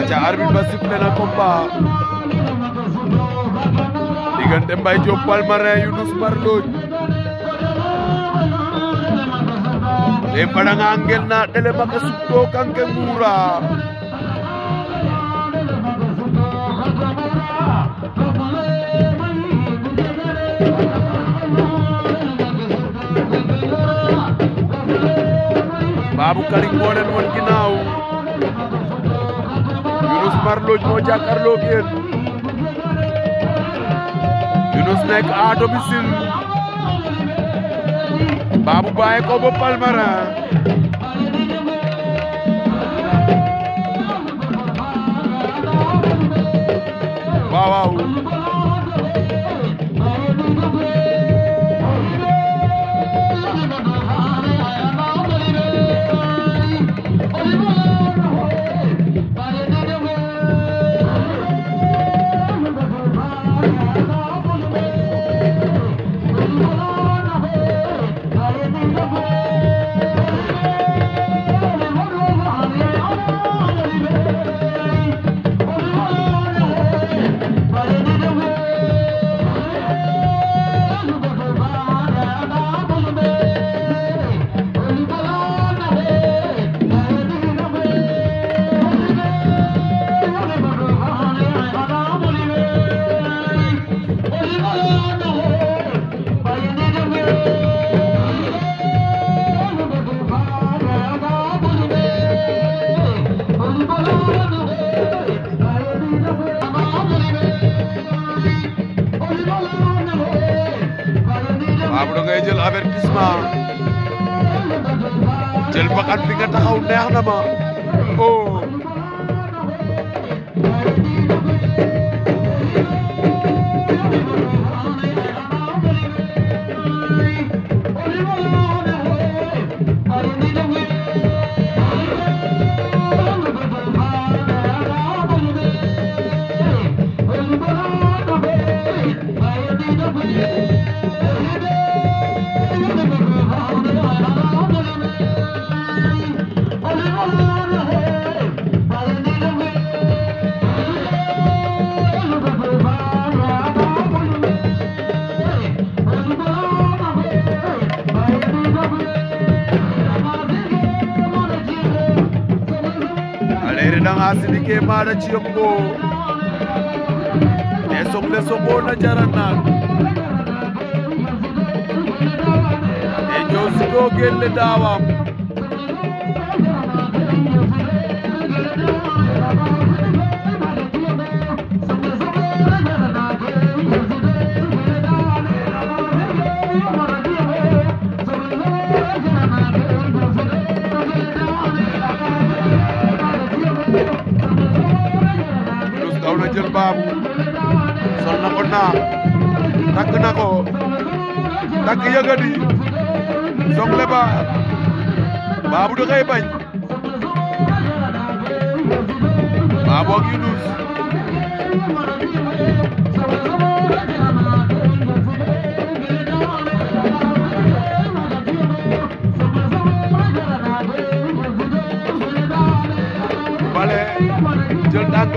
aca arbitre ba sifflé na combat diggante Mbaye Diop Palmarin Younouss Marlodj e faɗanga ngel na ɗele maka sutto kanke nguura Babou Kaling moo Mar Lodj moo jàkkaarloo ak yéen nekk à domicile Babou bàyyi ko ba Palmarin Fabou da ngay jël avertissement jël bakkan bi nga taxaw neex na ma oh. Gidan asibike mara ciyongo E sogle sogo na jaranak E jo sigo gelle dawam baabu sol na ko naam takk na ko takk yëgadi songle ba baabu da koy bañ baabu ak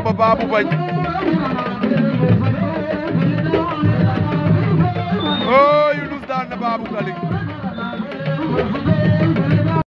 ba baabu bañ oh Yunus daan na baabu kali